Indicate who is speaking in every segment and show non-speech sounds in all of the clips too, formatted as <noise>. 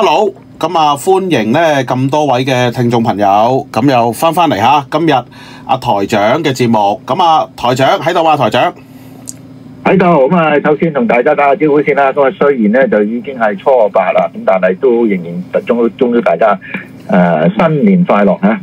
Speaker 1: hello，咁啊歡迎咧咁多位嘅聽眾朋友，咁又翻翻嚟吓，今日阿台長嘅節目，咁啊台長喺度啊，台長喺度，咁啊首先同大家打個招呼先啦。咁啊雖然咧就已經係初八啦，咁但係都仍然祝祝祝大家誒新年快樂吓，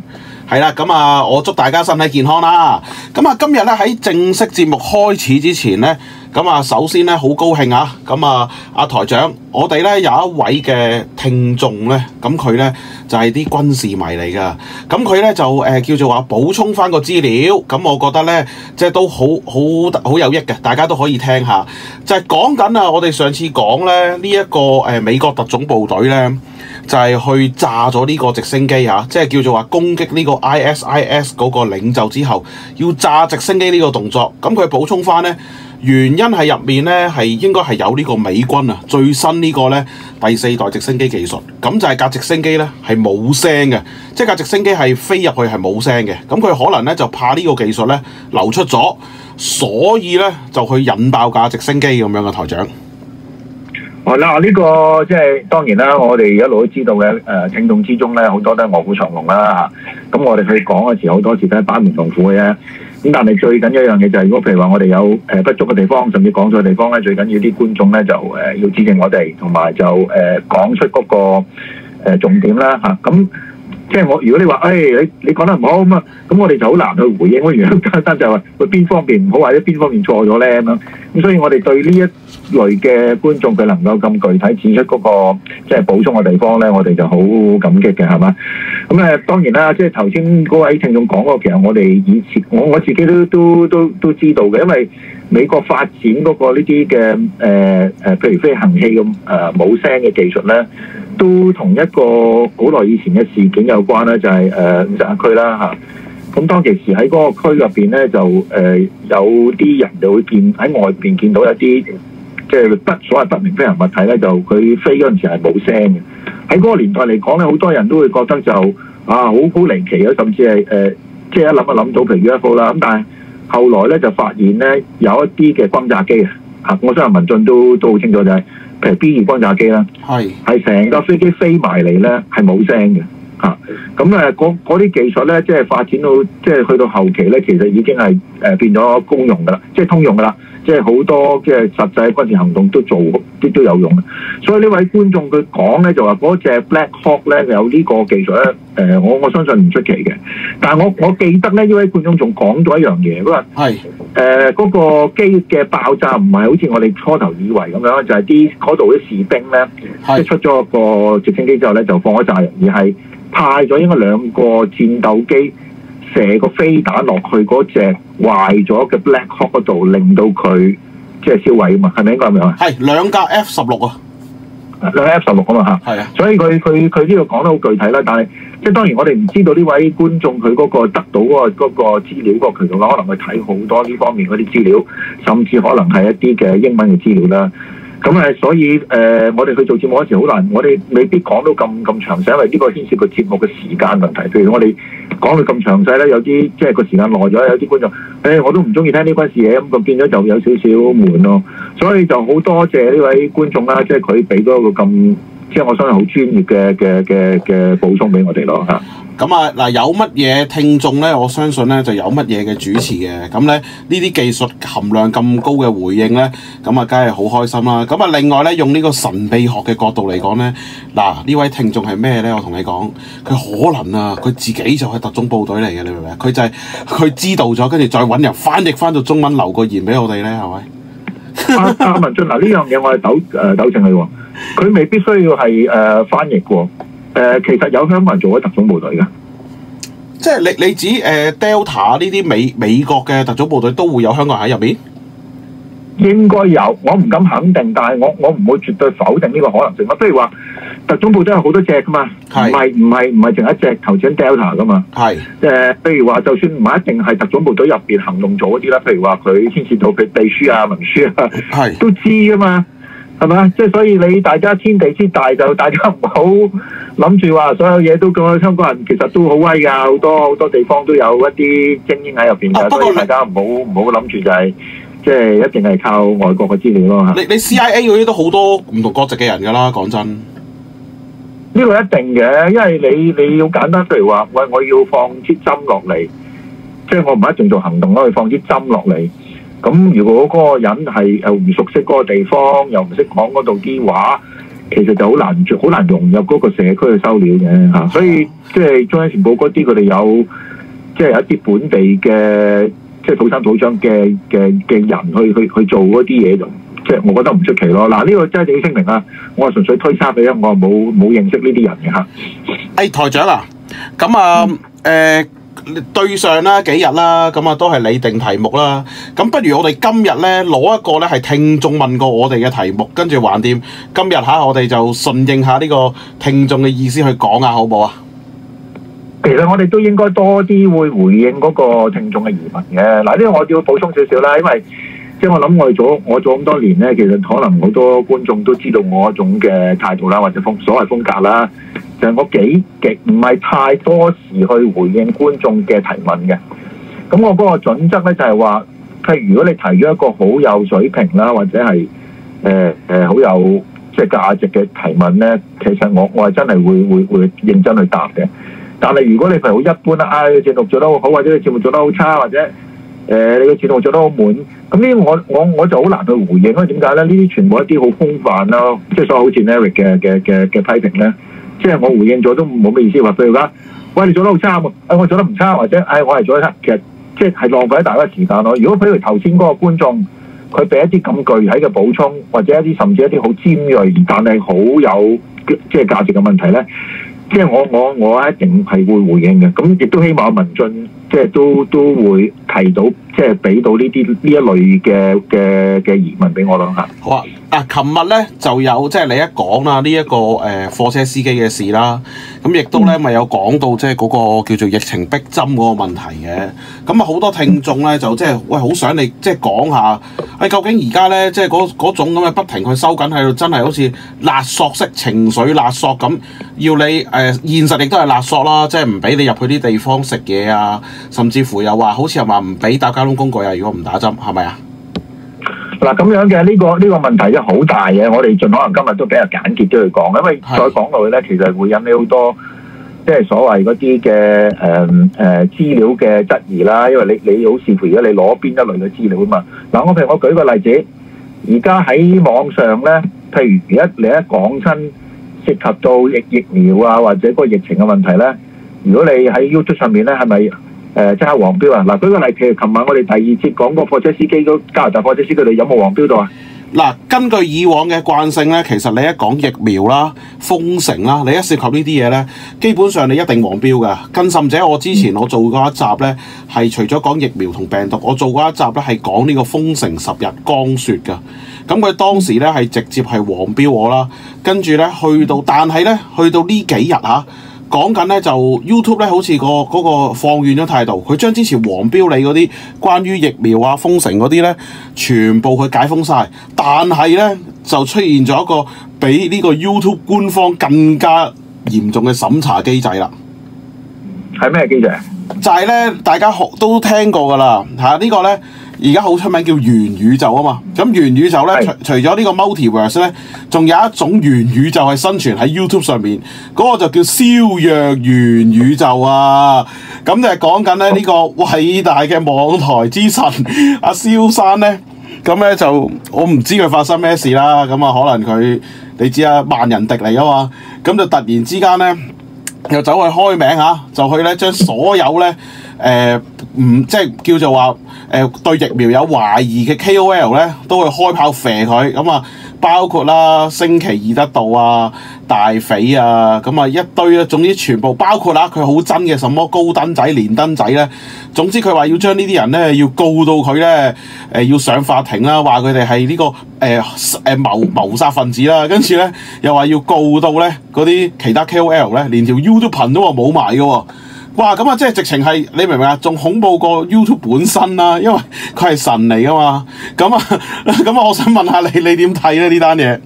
Speaker 1: 係啦，咁啊我祝大家身體健康啦。咁啊今日咧喺正式節目開始之前咧。咁啊，首先咧，好高興啊！咁啊，阿、啊、台長，我哋咧有一位嘅聽眾咧，咁佢咧就係、是、啲軍事迷嚟㗎。咁佢咧就、呃、叫做話補充翻個資料，咁我覺得咧即係都好好好有益嘅，大家都可以聽下。即係講緊啊，我哋上次講咧呢一、這個美國特種部隊咧就係、是、去炸咗呢個直升機啊，即係叫做話攻擊呢個 ISIS 嗰個領袖之後要炸直升機呢個動作。咁佢補充翻咧。原因係入面咧係應該係有呢個美軍啊最新呢個咧第四代直升機技術，咁就係架直升機咧係冇聲嘅，即係架直升機係飛入去係冇聲嘅，咁佢可能咧就怕呢個技術咧流出咗，所以咧就去引爆架直升機咁樣嘅，台長。
Speaker 2: 好嗱呢、呢個即係當然啦，我哋一路都知道嘅，誒、呃，聽眾之中咧好多都係卧虎藏龍啦嚇，咁我哋去講嘅時好多時候都係班門弄斧嘅啫。咁但係最緊要一樣嘢就係，如果譬如話我哋有誒不足嘅地方，甚至講錯嘅地方咧，最緊要啲觀眾咧就誒要指正我哋，同埋就誒講出嗰個誒重點啦嚇，咁。即係我，如果你話，誒、哎，你你講得唔好咁啊，咁我哋就好難去回應咯。如果好簡單就話，佢邊方面唔好，或者邊方面錯咗咧咁樣，咁所以我哋對呢一類嘅觀眾，佢能夠咁具體展出嗰、那個即係、就是、補充嘅地方咧，我哋就好感激嘅，係嘛？咁咧當然啦，即係頭先嗰位聽眾講過，其實我哋以前，我我自己都都都都知道嘅，因為美國發展嗰個呢啲嘅誒誒，譬如飛行器咁誒冇聲嘅技術咧。都同一個好耐以前嘅事件有關咧，就係、是、誒、呃、五十區啦咁、啊、當其時喺嗰個區入面咧，就、呃、有啲人就會見喺外面見到一啲即係不所謂不明飛行物體咧，就佢飛嗰陣時係冇聲嘅。喺嗰個年代嚟講咧，好多人都會覺得就啊好好離奇啊，甚至係、呃、即係一諗一諗到譬如 UFO 啦、啊。咁但係後來咧就發現咧有一啲嘅轟炸機啊，我相信文進都都好清楚就係、是。比如 B 二轟炸機啦，係係成架飛機飛埋嚟咧，係冇聲嘅。咁誒，嗰啲技術咧，即係發展到，即係去到後期咧，其實已經係誒、呃、變咗公用㗎啦，即係通用㗎啦。即係好多即係實際軍事行動都做啲都有用嘅，所以呢位觀眾佢講咧就話嗰隻 Black Hawk 咧有呢個技術咧，誒、呃、我我相信唔出奇嘅。但係我我記得咧呢位觀眾仲講咗一樣嘢，佢話係誒嗰個機嘅爆炸唔係好似我哋初頭以為咁樣，就係啲嗰度啲士兵咧即係出咗個直升機之後咧就放咗炸人，而係派咗應該兩個戰鬥機，射個飛彈落去嗰隻壞咗嘅 Black Hawk 嗰度，令到佢即係銷毀啊嘛，係咪應該係咪啊？係兩
Speaker 1: 架 F 十
Speaker 2: 六啊，兩架 F 十六啊嘛嚇，係啊，啊所以佢佢佢呢個講得好具體啦。但係即係當然我哋唔知道呢位觀眾佢嗰個得到嗰、嗰個嗰、嗰個、資料嗰個渠道啦，可能佢睇好多呢方面嗰啲資料，甚至可能係一啲嘅英文嘅資料啦。咁、嗯、所以誒、呃，我哋去做節目嗰時好難，我哋未必講到咁咁詳細，因為呢個牽涉個節目嘅時間問題。譬如我哋講到咁詳細咧，有啲即係個時間耐咗，有啲觀眾、欸、我都唔中意聽呢關事嘢，咁就變咗就有少少悶咯。
Speaker 1: 所以就好多謝呢位觀眾啦。即係佢俾咗個咁。即係我相信好專業嘅嘅嘅嘅補充俾我哋咯。咁啊，嗱，有乜嘢聽眾咧？我相信咧就有乜嘢嘅主持嘅。咁咧呢啲技術含量咁高嘅回應咧，咁啊，梗係好開心啦。咁啊，另外咧，用呢個神秘學嘅角度嚟講咧，嗱、啊、呢位聽眾係咩咧？我同你講，佢可能啊，佢自己就係特種部隊嚟嘅，你明唔明？佢就係、是、佢知道咗，跟住再揾人翻譯翻到中文，留個言俾我哋咧，係咪、啊 <laughs> 啊？文俊，嗱、啊、呢 <laughs> 樣嘢我係糾誒糾正佢喎。呃佢未必需要係誒、呃、
Speaker 2: 翻譯嘅，哦，誒、呃、其實有香港人做咗特種部隊嘅。
Speaker 1: 即係你你指誒、呃、Delta 呢啲，美美國嘅特種部隊都會有香港人喺入邊，應該有，我唔敢肯定，但係我我唔會絕對否定呢個可能性。我譬如話特
Speaker 2: 種部隊有好多隻噶嘛，唔係唔係唔係淨一隻頭像 Delta 噶嘛，係誒，譬如話就算唔係一定係特種部隊入邊行動組啲啦，譬如話佢牽涉到佢秘書啊文書啊，係是都知噶嘛。係咪啊？即係所以你大家天地之大，就大家唔好諗住話所有嘢都咁。香港人其實都好威噶，好多好多地方都有一啲精英喺入邊。啊，所以大家唔好唔好諗住就係，即係一定係靠外國嘅資料咯。吓，你
Speaker 1: 你 CIA 嗰啲都好多唔同國籍嘅人噶啦。講真，呢個一定嘅，因為你你要簡單，譬如話喂，我要放支針落
Speaker 2: 嚟，即係我唔係一定做行動咯，我要放支針落嚟。咁如果嗰個人係又唔熟悉嗰個地方，又唔識講嗰度啲話，其實就好難好難融入嗰個社區去收料嘅嚇。嗯、所以即係《就是、中央時報》嗰啲佢哋有，即、就、係、是、一啲本地嘅，即、就、係、是、土生土長嘅嘅嘅人去去去做嗰啲嘢，就即、是、係我覺得唔出奇咯。嗱、啊、呢、這個真係要聲明啦，我係純粹推測你啊，我係冇冇認識呢啲人嘅嚇。
Speaker 1: 誒、哎、台長啊，咁啊誒。嗯呃對上啦，幾日啦，咁啊都係你定題目啦。咁不如我哋今日呢攞一個呢係聽眾問過我哋嘅題目，跟住橫掂，今日吓，我哋就順應下呢個聽眾嘅意思去講啊，好唔好啊？
Speaker 2: 其實我哋都應該多啲會回應嗰個聽眾嘅疑問嘅。嗱呢個，我都要補充少少啦，因為。即係我諗，我做我做咁多年呢，其實可能好多觀眾都知道我一種嘅態度啦，或者風所謂風格啦。就係、我幾極唔係太多時去回應觀眾嘅提問嘅。咁我嗰個準則咧就係話，譬如，如果你提咗一個好有水平啦，或者係誒誒好有即係價值嘅提問呢，其實我我係真係會會會認真去答嘅。但係如果你係好一般啦，啊，個節目做得好好，或者你個節目做得好差，或者誒、呃、你嘅節目做得好悶。咁呢？我我我就好難去回應，因為點解咧？呢啲全部一啲好空泛咯，即係所以好 generic 嘅嘅嘅嘅批評咧，即係我回應咗都冇咩意思。話譬如話，喂你做得好差喎，誒、哎、我做得唔差，或者誒、哎、我哋做得差，其實即係浪費咗大家時間咯。如果譬如頭先嗰個觀眾，佢俾一啲咁具體嘅補充，或者一啲甚至一啲好尖鋭但係好有即係價值嘅問題咧，即係我我我一定係會回應嘅。咁亦都希望文進即係都都會。提到即係俾到呢啲呢一類嘅嘅嘅
Speaker 1: 疑問俾我諗下。好啊，啊，琴日咧就有即係、就是、你一講啦，呢、這、一個誒貨、呃、車司機嘅事啦，咁亦都咧咪、嗯、有講到即係嗰個叫做疫情迫針嗰個問題嘅。咁啊好多聽眾咧就即、就、係、是、喂，好想你即係講下，誒、哎、究竟而家咧即係嗰種咁嘅不停去收緊喺度，真係好似勒索式情緒勒索咁，要你誒、呃、現實亦都係勒索啦，即係唔俾你入去啲地方食嘢啊，甚至乎又話好似又話。唔俾搭交通工具啊！如果唔打針，係咪
Speaker 2: 啊？嗱，咁樣嘅呢個呢、呢個問題咧好大嘅，我哋盡可能今日都比較簡潔啲去講，因為再講落去咧，是其實會引起好多即係所謂嗰啲嘅誒誒資料嘅質疑啦。因為你你好視乎，如果你攞邊一類嘅資料啊嘛，嗱，我譬如我舉個例子，而家喺網上咧，譬如而家你一講親涉及到疫疫苗啊或者嗰個疫情嘅問題咧，如果你喺 YouTube 上面咧，係咪？誒，即係、呃、黃標啊！嗱，嗰個例譬如，琴晚我哋第二節講個貨車司機，加拿大貨車司機，佢哋有冇黃
Speaker 1: 標度啊？嗱，根據以往嘅慣性咧，其實你一講疫苗啦、封城啦，你一涉及呢啲嘢咧，基本上你一定黃標㗎。更甚者我之前我做過一集咧，係、嗯、除咗講疫苗同病毒，我做過一集咧係講呢個封城十日光雪㗎。咁佢當時咧係直接係黃標我啦，跟住咧去到，但係咧去到呢幾日嚇。講緊咧就 YouTube 咧好似、嗰個、嗰個放軟咗態度，佢將之前黃標你嗰啲關於疫苗啊封城嗰啲咧全部佢解封晒。但係咧就出現咗一個比呢個 YouTube 官方更加嚴重嘅審查機制啦。係咩機制？就係咧，大家學都聽過噶啦，啊呢個、呢個咧。而家好出名叫元宇宙啊嘛，咁元宇宙咧，除除咗呢個 Multiverse 咧，仲有一種元宇宙係生存喺 YouTube 上面，嗰個就叫蕭若元宇宙啊。咁就係講緊咧呢個偉大嘅網台之神阿、啊、蕭山咧，咁咧就我唔知佢發生咩事啦。咁啊，可能佢你知啊，萬人敵嚟啊嘛，咁就突然之間咧，又走去開名嚇，就去咧將所有咧。誒唔、呃、即係叫做話誒、呃、對疫苗有懷疑嘅 K O L 咧，都會開炮射佢咁啊！包括啦，升旗易得道啊，大肥啊，咁啊一堆啊，總之全部包括啦、啊，佢好憎嘅什麼高登仔、連登仔咧，總之佢話要將呢啲人咧要告到佢咧、呃，要上法庭啦、啊，話佢哋係呢個誒誒、呃、謀，謀殺分子啦、啊，跟住咧又話要告到咧嗰啲其他 K O L 咧，連條 U 都噴都話冇埋嘅喎。哇！咁啊，即係直情係你明唔明啊？仲恐怖過 YouTube 本身啦、啊，因為佢係神嚟噶嘛。咁、嗯、啊，咁、嗯、啊、嗯嗯，我想問下你，你點睇咧呢單嘢？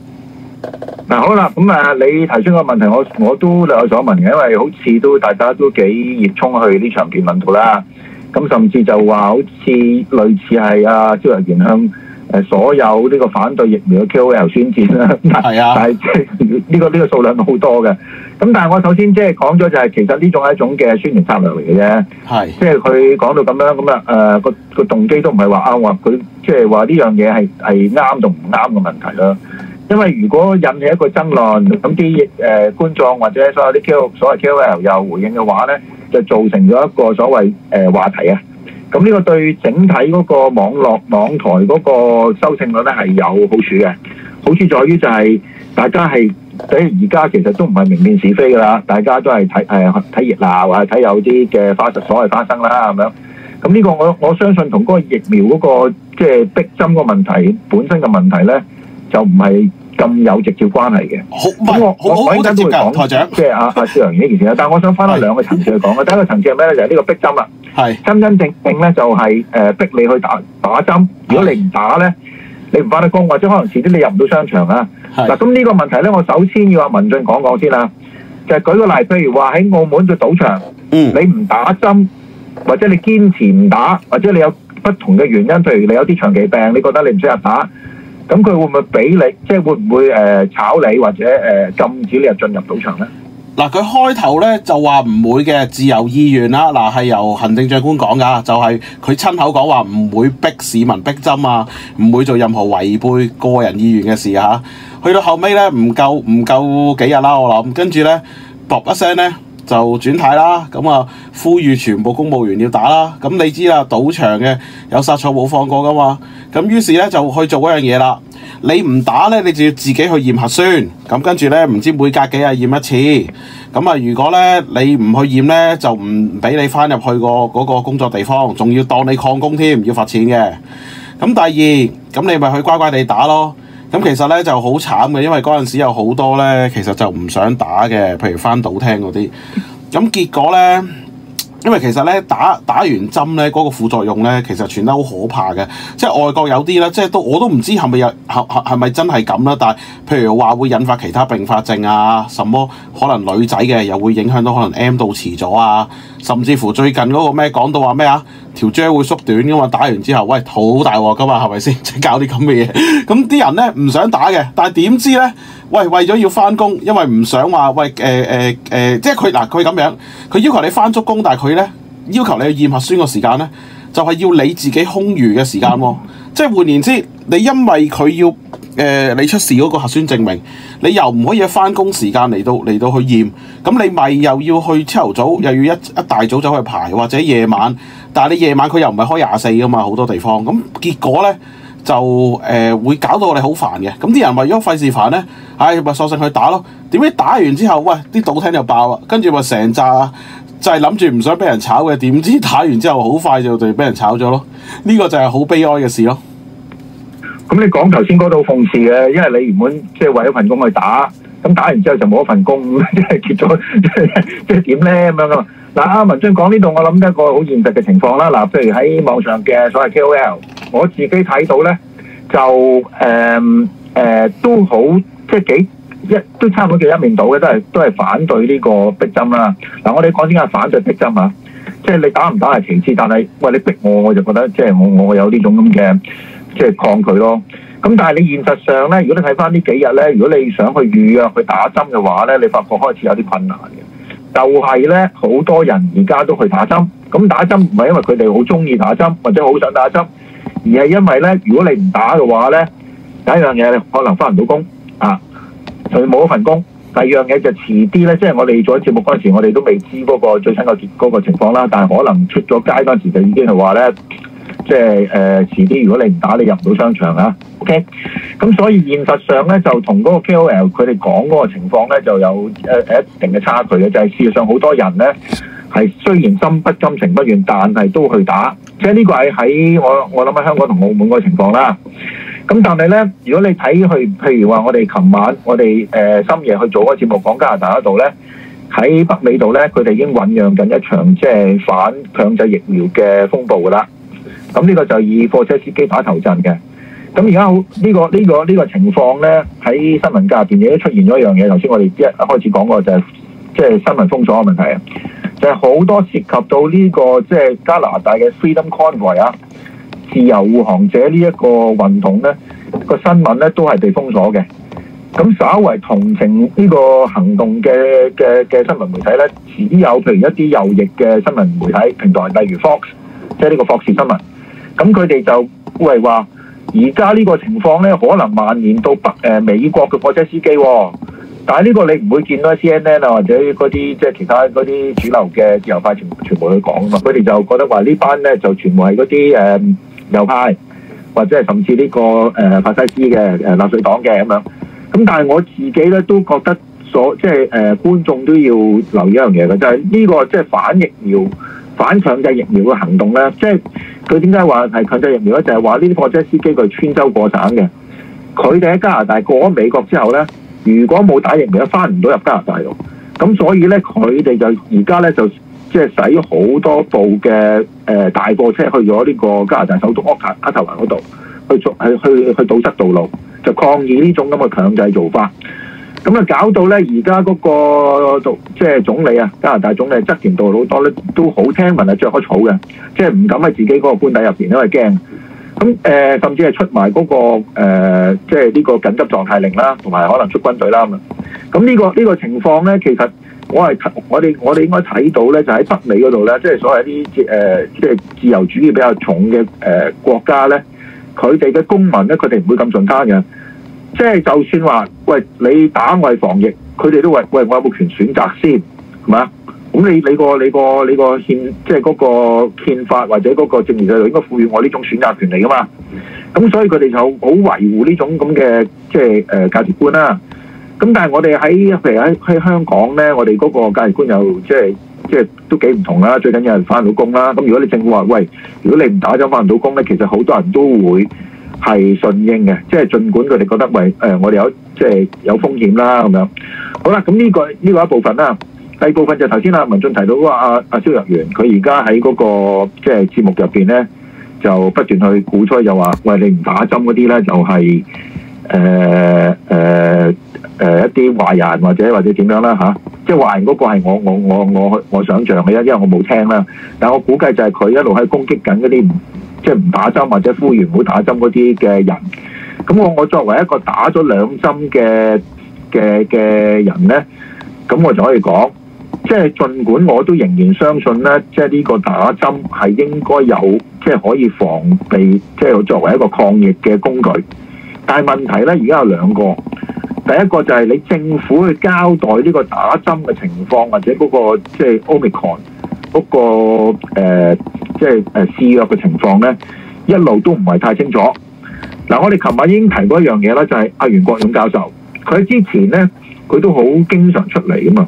Speaker 1: 嗱、啊，好啦，咁、嗯、啊，你提出個問題，
Speaker 2: 我我都略有所聞嘅，因為好似都大家都幾熱衷去呢場辯論度啦。咁甚至就話好似類似係啊，蕭若元向誒所有呢個反對疫苗嘅 K O L 宣戰啦。係啊，係即係呢個呢、這個數量好多嘅。咁但係我首先即係講咗就係其實呢種係一種嘅宣傳策略嚟嘅啫，即係佢講到咁樣咁啊，誒個個動機都唔係話啱話佢即係話呢樣嘢係係啱同唔啱嘅問題咯。因為如果引起一個爭論，咁啲誒觀眾或者所有啲 KOL 所謂 KOL 又回應嘅話咧，就造成咗一個所謂誒話題啊。咁呢個對整體嗰個網絡網台嗰個收視率咧係有好處嘅，好處在於就係大家係。所以而家其實都唔係明辨是非噶啦，大家都係睇誒睇熱鬧或者睇有啲嘅花術所謂花生啦，咁樣。咁呢個我我相信同嗰個疫苗嗰、嗰個即係、就是、逼針嘅問題本身嘅問題咧，就唔係咁有直接關係嘅。咁我好我第都會講，即係阿阿蕭若元呢件事啦。好好好但係我想翻多兩個層次去講嘅，第一個層次係咩咧？就係、是、呢個逼針啦。係 <laughs> 真真正正咧、就是，就係誒逼你去打打針。如果你唔打咧？ <laughs> 你唔翻得工，或者可能遲啲你入唔到商場啊。嗱是，咁呢個問題咧，我首先要阿文進講講先啦。就係、是、舉個例，譬如話喺澳門嘅賭場，嗯、你唔打針，或者你堅持唔打，或者你有不同嘅原因，譬如你有啲長期病，你覺得你唔適合打，咁佢會唔會俾你？即、就、係、是、會唔會誒、呃、炒你，或者誒、呃、禁止你入進入賭場
Speaker 1: 咧？嗱，佢開頭咧就話唔會嘅自由意願啦，嗱係由行政長官講㗎，就係佢親口講話唔會逼市民逼針啊，唔會做任何違背個人意願嘅事吓，去到後尾咧，唔夠唔夠幾日啦，我諗，跟住咧，噥一聲咧。就轉態啦，咁啊呼籲全部公務員要打啦，咁你知啦，賭場嘅有殺錯冇放過噶嘛，咁於是咧就去做一樣嘢啦。你唔打咧，你就要自己去驗核酸，咁跟住咧唔知每隔幾日驗一次，咁啊如果咧你唔去驗咧，就唔俾你返入去個嗰個工作地方，仲要當你曠工添，要罰錢嘅。咁第二，咁你咪去乖乖地打咯。咁其實咧就好慘嘅，因為嗰陣時有好多咧，其實就唔想打嘅，譬如返賭廳嗰啲，咁結果咧。因為其實咧，打、打完針咧，嗰個副作用咧其實全都好可怕嘅，即係外國有啲咧，即係都我都唔知係咪有係係咪真係咁啦。但係譬如話會引發其他併發症啊，什麼可能女仔嘅又會影響到可能 M 到遲咗啊，甚至乎最近嗰個咩講到話咩啊條 J 會縮短㗎嘛，打完之後，喂好大鑊㗎嘛，係咪先，即係搞啲咁嘅嘢？咁啲人咧唔想打嘅，但係點知咧？喂，為咗要返工，因為唔想話喂，誒、呃、誒、呃呃、即係佢嗱佢咁樣，佢要求你返足工，但係佢呢要求你去驗核酸個時間呢，就係、是、要你自己空餘嘅時間喎、啊。即係換言之，你因為佢要誒、呃、你出示嗰個核酸證明，你又唔可以喺返工時間嚟到嚟到去驗，咁你咪又要去朝頭早，又要一一大早走去排，或者夜晚，但係你夜晚佢又唔係開廿四㗎嘛，好多地方咁結果呢。就誒、呃、會搞到我哋好煩嘅，咁啲人為咗費事煩呢？唉、哎，咪索性去打咯。點知打完之後，喂，啲賭廳就爆啦，跟住咪成扎就係諗住唔想俾人炒嘅，點知打完之後好快就就俾人炒咗咯。呢、這個就係好悲哀嘅事咯。咁你講
Speaker 2: 頭先嗰度諷刺嘅，因為你原本即係為咗份工去打，咁打完之後就冇咗份工，即 <laughs> 係結咗，即係點呢？咁樣嗱，阿、啊、文進講呢度，我諗得一個好現實嘅情況啦。嗱，譬如喺網上嘅所謂 K O L，我自己睇到咧，就誒、呃呃、都好，即係幾一都差唔多幾一面倒嘅，都係都係反對呢個逼針啦。嗱、啊，我哋講點解反對逼針啊？即係你打唔打係其次，但係喂你逼我，我就覺得即係我我有呢種咁嘅即係抗拒咯。咁但係你現實上咧，如果你睇翻呢幾日咧，如果你想去預約去打針嘅話咧，你發覺開始有啲困難嘅。就係咧，好多人而家都去打針。咁打針唔係因為佢哋好中意打針，或者好想打針，而係因為咧，如果你唔打嘅話咧，第一樣嘢可能返唔到工啊，仲冇一份工。第二樣嘢就遲啲咧，即係我哋做咗節目嗰陣時，我哋都未知嗰、嗰個最新個結果個情況啦。但係可能出咗街嗰陣時，就已經係話咧。即係誒、呃、遲啲，如果你唔打，你入唔到商場啊。OK，咁所以現實上呢，就同嗰個 KOL 佢哋講嗰個情況呢，就有一定嘅差距。就係、是、事實上，好多人呢係雖然心不甘情不願，但係都去打。即係呢個係喺我我諗喺香港同澳門個情況啦。咁但係呢，如果你睇去，譬如話我哋琴晚我哋深夜去做嗰個節目，講加拿大嗰度呢，喺北美度呢，佢哋已經醖釀緊一場即係反強制疫苗嘅風暴噶啦。咁呢個就以貨車司機打頭陣嘅。咁而家好呢個呢個呢個情況咧，喺新聞界入面亦都出現咗一樣嘢。頭先我哋一開始講過就係即係新聞封鎖嘅問題啊，就係好多涉及到呢個即係加拿大嘅 Freedom Convoy 啊，自由護航者呢一個運動咧個新聞咧都係被封鎖嘅。咁稍為同情呢個行動嘅嘅嘅新聞媒體咧，只有譬如一啲右翼嘅新聞媒體平台，例如 Fox，即係呢個霍士新聞。咁佢哋就係話，而家呢個情況咧，可能蔓延到北美國嘅貨車司機。但係呢個你唔會見到 C N N 或者嗰啲即係其他嗰啲主流嘅自由派全全部去講啊嘛。佢哋就覺得話呢班咧就全部係嗰啲誒右派，或者係甚至呢個誒法西斯嘅誒納粹黨嘅咁樣。咁但係我自己咧都覺得所即係誒、呃、觀眾都要留意一樣嘢嘅，就係呢個即係反疫苗。反強制疫苗嘅行動咧，即係佢點解話係強制疫苗咧？就係話呢啲貨車司機佢穿州過省嘅，佢哋喺加拿大過咗美國之後咧，如果冇打疫苗翻唔到入加拿大度。咁所以咧佢哋就而家咧就即係使好多部嘅誒大貨車去咗呢個加拿大首都渥太華嗰度去去去，去堵塞道路，就抗議呢種咁嘅強制做法。咁啊，搞到咧，而家嗰個總即係總理啊，加拿大總理則田道老多咧，都好聽聞啊，著咗草嘅，即係唔敢喺自己嗰個官邸入邊，因為驚。咁誒，甚至係出埋嗰、嗰個、呃、即係呢個緊急狀態令啦，同埋可能出軍隊啦咁。咁呢個呢、呢個情況咧，其實我係我哋我哋應該睇到咧，就喺北美嗰度咧，即係所謂啲誒即係自由主義比較重嘅誒國家咧，佢哋嘅公民咧，佢哋唔會咁順攤嘅。即係就，就算話，喂，你打我係防疫，佢哋都話，喂，我有冇權選擇先？係嘛？咁你你個你個你個憲，即係嗰個憲法或者嗰個政治制度應該賦予我呢種選擇權嚟㗎嘛？咁所以佢哋就好維護呢種咁嘅即係誒價值觀啦、啊。咁但係我哋喺譬如喺喺香港咧，我哋嗰個價值觀又即係即係都幾唔同啦。最緊要係翻到工啦。咁如果你政府話，喂，如果你唔打咗翻唔到工咧，其實好多人都會。係順應嘅，即係盡管佢哋覺得喂，誒、哎，我哋有即係、就是、有風險啦，咁樣。好啦，咁呢、這個呢、這個一部分啦，第二部分就頭先阿文俊提到的，哇，阿阿蕭若元佢而家喺嗰個即係、就是、節目入邊咧，就不斷去鼓吹，就話喂，你唔打針嗰啲咧，就係誒誒誒一啲壞人或者或者點樣啦吓、啊，即係壞人嗰個係我我我我我想象嘅，因為我冇聽啦，但我估計就係佢一路喺攻擊緊嗰啲。即係唔打針或者呼籲唔好打針嗰啲嘅人，咁我我作為一個打咗兩針嘅嘅嘅人呢，咁我就可以講，即係儘管我都仍然相信呢，即係呢個打針係應該有，即係可以防備，即係作為一個抗疫嘅工具。但係問題呢，而家有兩個，第一個就係你政府去交代呢個打針嘅情況，或者嗰個，即係 Omicron 嗰個、呃即係誒試約嘅情況咧，一路都唔係太清楚。嗱、嗯，我哋琴晚已經提過一樣嘢啦，就係、是、阿袁國勇教授，佢喺之前咧佢都好經常出嚟噶嘛，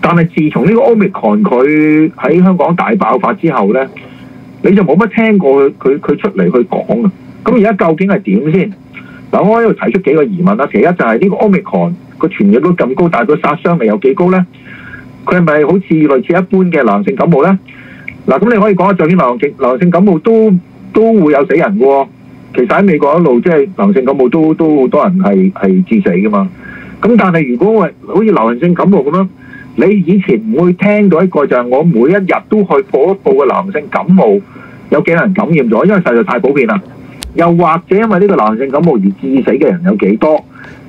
Speaker 2: 但係自從呢個奧密克戎佢喺香港大爆發之後咧，你就冇乜聽過佢佢出嚟去講啊。咁而家究竟係點先？嗱、嗯，我喺度提出幾個疑問啦。其一就係呢個奧密 o n 個傳染率咁高，但係佢殺傷力有幾高咧？佢係咪好似類似一般嘅流性感冒咧？嗱，咁你可以講下，上啲流行性流行性感冒都都會有死人喎。其實喺美國一路，即係流行性感冒都都好多人係係致死㗎嘛。咁但係如果我好似流行性感冒咁樣，你以前唔會聽到一個就係我每一日都去播一播嘅流行性感冒有幾多人感染咗，因為實在太普遍啦。又或者因為呢個流行性感冒而致死嘅人有幾多？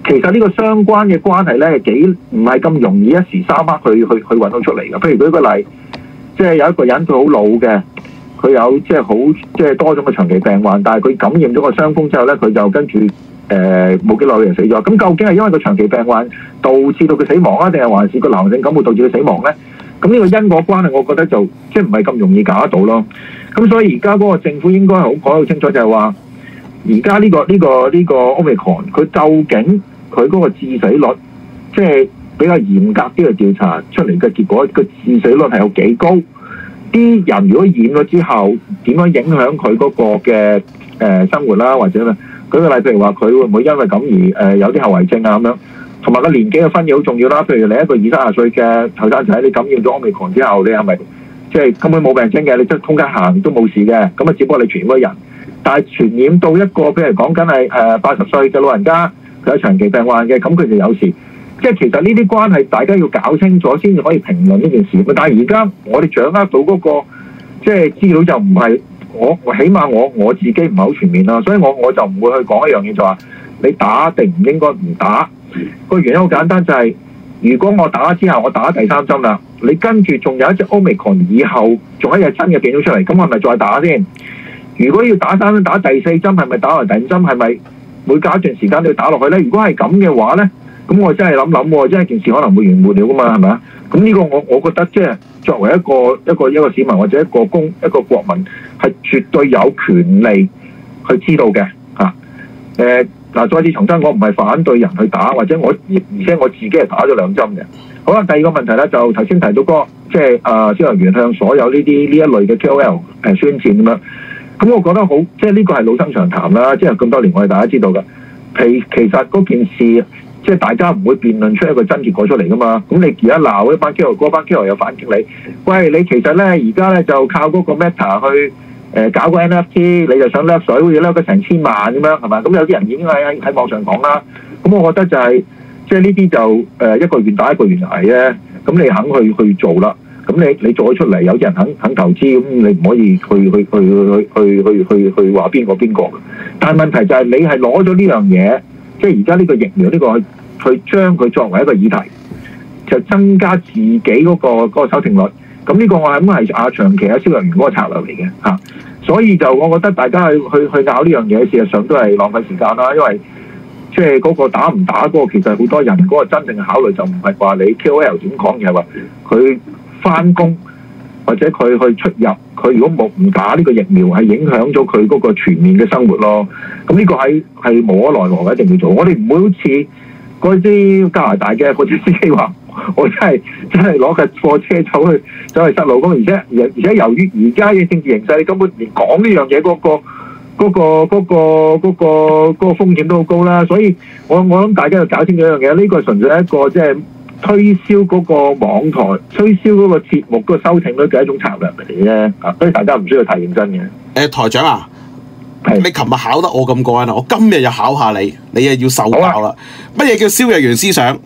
Speaker 2: 其實呢個相關嘅關係咧，幾唔係咁容易一時三刻去去去揾到出嚟嘅。譬如舉個例。即係有一個人佢好老嘅，佢有即係好即係多種嘅長期病患，但係佢感染咗個傷風之後咧，佢就跟住誒冇幾耐嘅人死咗。咁究竟係因為個長期病患導致到佢死亡啊，定係還是個流行性感冒導致佢死亡咧？咁呢個因果關係，我覺得就即係唔係咁容易搞得到咯。咁所以而家嗰個政府應該係好講得好清楚就是說，就係話而家呢個呢個呢個 Omicron 佢究竟佢嗰個致死率即係。比較嚴格啲嘅調查出嚟嘅結果，個致死率係有幾高？啲人如果染咗之後，點樣影響佢嗰個嘅誒生活啦、啊？或者咩？舉個例，譬如話佢會唔會因為咁而誒、呃、有啲後遺症啊？咁樣同埋個年紀嘅分野好重要啦。譬如你一個二三十歲嘅後生仔，你感染咗安美狂之後，你係咪即係根本冇病徵嘅？你即係通街行都冇事嘅？咁啊，只不過你傳染咗人，但係傳染到一個譬如講緊係誒八十歲嘅老人家，佢有長期病患嘅，咁佢就有事。即係其實呢啲關係，大家要搞清楚先至可以評論呢件事。但係而家我哋掌握到嗰、那個即係資料就唔係，我起碼我我自己唔係好全面啦，所以我我就唔會去講一樣嘢、就是，就話你打定唔應該唔打。個原因好簡單、就是，就係如果我打之後我打第三針啦，你跟住仲有一隻 Omicron 以後仲有一隻新嘅病毒出嚟，咁我咪再打先？如果要打三針打第四針，係咪打埋第五針？係咪每隔一段時間都要打落去呢？如果係咁嘅話呢。咁我真係諗諗喎，真係件事可能會完沒了噶嘛，係咪啊？咁呢個我我覺得即係作為一個一個一個市民或者一個公一個國民，係絕對有權利去知道嘅嚇。誒、啊、嗱、呃，再次重申，我唔係反對人去打，或者我而且我自己係打咗兩針嘅。好啦，第二個問題咧，就頭先提到嗰即係啊，消防員向所有呢啲呢一類嘅 KOL 宣戰咁樣。咁我覺得好，即係呢個係老生常談啦。即係咁多年，我哋大家知道噶。其實嗰件事。即係大家唔會辯論出一個真結果出嚟噶嘛？咁你而家鬧一班 KOL 嗰班 KOL 又反擊你。喂，你其實咧而家咧就靠嗰個 meta 去誒、呃、搞個 NFT，你就想甩水，要甩個成千萬咁樣係咪？咁有啲人已經喺喺喺網上講啦。咁我覺得就係、是，即係呢啲就誒、是呃、一個願打一個願挨啫。咁你肯去去做啦，咁你你做咗出嚟，有啲人肯肯投資，咁你唔可以去去去去去去去去話邊個邊個。但係問題就係、是、你係攞咗呢樣嘢。即係而家呢個疫苗呢個，去將佢作為一個議題，就增加自己嗰個收聽率。咁呢個我諗係啊長期啊蕭若元嗰個策略嚟嘅嚇。所以就我覺得大家去去去搞呢樣嘢，事實上都係浪費時間啦。因為即係嗰個打唔打嗰個，其實好多人嗰個真正考慮就唔係話你 KOL 點講，而係話佢返工。或者佢去出入，佢如果冇唔打呢個疫苗，係影響咗佢嗰個全面嘅生活咯。咁呢個係係無可奈何嘅，一定要做。我哋唔會好似嗰啲加拿大嘅貨車司機話：我真係真係攞架貨車走去走去塞路公，而且而且由於而家嘅政治形勢，根本連講呢樣嘢嗰個嗰個嗰個嗰個嗰個風險都好高啦。所以我我諗大家要搞清楚一樣嘢，呢個純粹係一個即係。推銷嗰個
Speaker 1: 網台，推銷嗰個節目，嗰個收聽率嘅一種策略嚟嘅。啊，所以大家唔需要太認真嘅。誒、呃，台長啊，的你琴日考得我咁過癮啊，我今日又考下你，你又要受教啦。乜嘢、啊、叫蕭若元思想？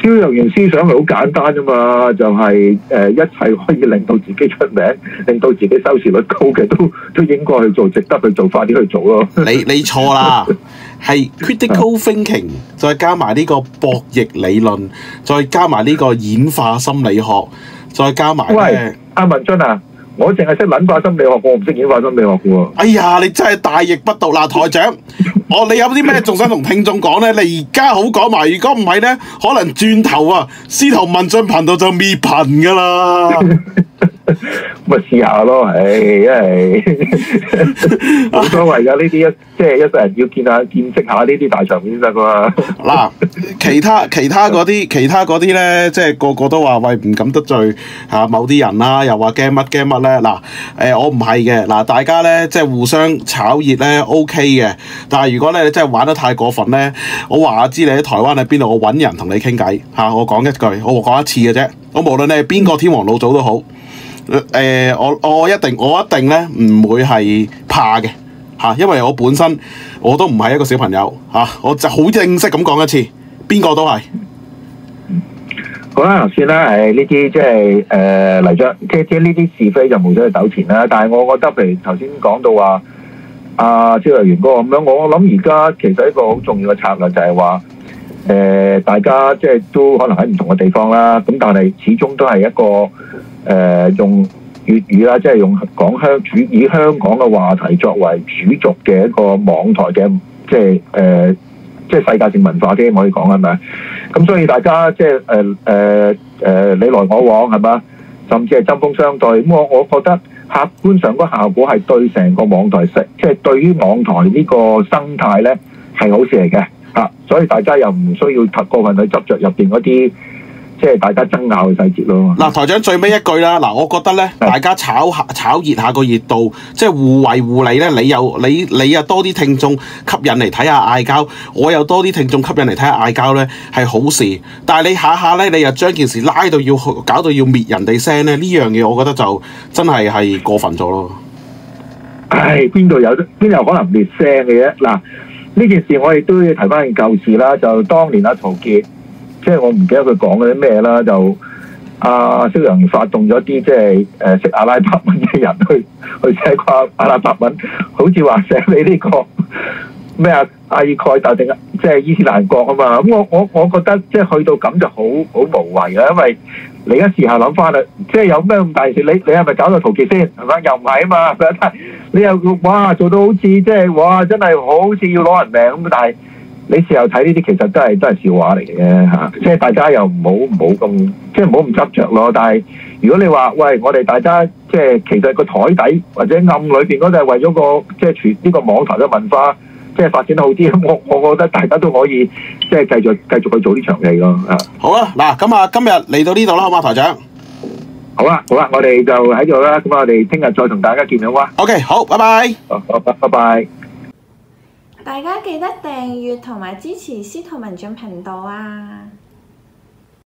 Speaker 1: 蕭若元
Speaker 2: 思想係好簡單啫嘛，就係、是、誒、呃、一切可以令到自己出名、令
Speaker 1: 到自己收視率高嘅都都應該去做，值得去做，快啲去做咯。你你錯啦。 <laughs> 係 critical thinking，再加埋呢個博弈理論，再加埋呢個演化心理學，再加埋喂，阿、啊、文進啊，我淨係識文化心理學，我唔識演化心理學喎。哎呀，你真係大逆不道啦， <laughs> 台長！哦，你有啲咩仲想同聽眾講呢？你而家好講埋，如果唔係呢，可能轉頭啊，司徒文進頻道就滅頻噶啦。 <laughs> 咁咪 <laughs> 試下咯，唉、哎，因為冇 <laughs> 所謂噶呢啲一即係一世人要見一下見識下呢啲大場面先得噶嗱，其他嗰啲其他嗰啲其他嗰啲咧，即係個個都話喂唔敢得罪嚇某啲人啦，又話驚乜驚乜咧嗱。誒、呃，我唔係嘅嗱，大家咧即係互相炒熱咧 O K 嘅，但係如果咧你真係玩得太過分咧，我話阿知你喺台灣喺邊度，我揾人同你傾偈嚇，我講一句，我講一次嘅啫，我無論你係邊個天王老祖都好。誒、呃，我我一定我一定咧唔會係怕嘅嚇、啊，因為我本身我都唔係一個小朋友嚇、啊，我就好正式咁講一次，邊個都係
Speaker 2: 好啦、啊，算啦，誒呢啲即係誒嚟咗，即即呢啲是非就冇咗去糾纏啦。但係我覺得，譬如頭先講到話阿蕭若元哥咁樣，我諗而家其實一個好重要嘅策略就係話，誒、呃、大家即係、就是、都可能喺唔同嘅地方啦，咁但係始終都係一個。誒、呃、用粵語啦，即係用講香主以香港嘅話題作為主軸嘅一個網台嘅，即係誒、呃，即係世界性文化啫，我可以講係咪？咁所以大家即係誒誒誒你來我往係嘛？甚至係針鋒相對咁，我我覺得客觀上個效果係對成個網台食，即係對於網台呢個生態咧係好事嚟嘅嚇，所以大家又唔需要太過分去執着入邊嗰啲，即係大家爭拗嘅細節
Speaker 1: 咯。嗱、啊，台長最尾一句啦。嗱、啊，我覺得咧，的大家炒炒熱下個熱度，即係互惠互利咧。你又你你又多啲聽眾吸引嚟睇下嗌交，我又多啲聽眾吸引嚟睇下嗌交咧，係好事。但係你下下咧，你又將件事拉到要搞到要滅人哋聲咧，呢樣嘢我覺得就真係係過分咗咯。唉，邊度有邊
Speaker 2: 有可能滅聲嘅啫？嗱，呢件事我亦都要提翻件舊事啦。就當年阿陶傑。即係我唔記得佢講嗰啲咩啦，就阿蕭、啊、陽發動咗啲即係誒、啊、識阿拉伯文嘅人去去寫啩阿拉伯文，好似話寫你呢、這個咩啊？阿爾蓋達定即係伊斯蘭國啊嘛？咁我我我覺得即係去到咁就好好無謂啦，因為你而家試下諗翻啦，即係有咩咁大事？你你係咪搞到陶傑先係嘛？又唔係啊嘛？你又哇做到好似即係哇，真係好似要攞人命咁，但係。你又睇呢啲，其實都係都係笑話嚟嘅嚇，即係大家又唔好唔好咁，即係唔好咁執著咯。但係如果你話，喂，我哋大家即係其實個台底或者暗裏邊嗰度係為咗個即係全呢個網台嘅文化即係發展得好啲咁，我我覺得大家都可以即係繼續繼續去做啲長期咯嚇。
Speaker 1: 好啊，嗱，咁啊，今日嚟到呢度啦，好嘛，台長。好啊，好啊，我哋就喺度啦。咁啊，我哋聽日再同大家見啦哇。OK，好，拜拜。好，拜拜，拜拜。
Speaker 2: 大家記得訂閱同埋支持司徒文進頻道啊！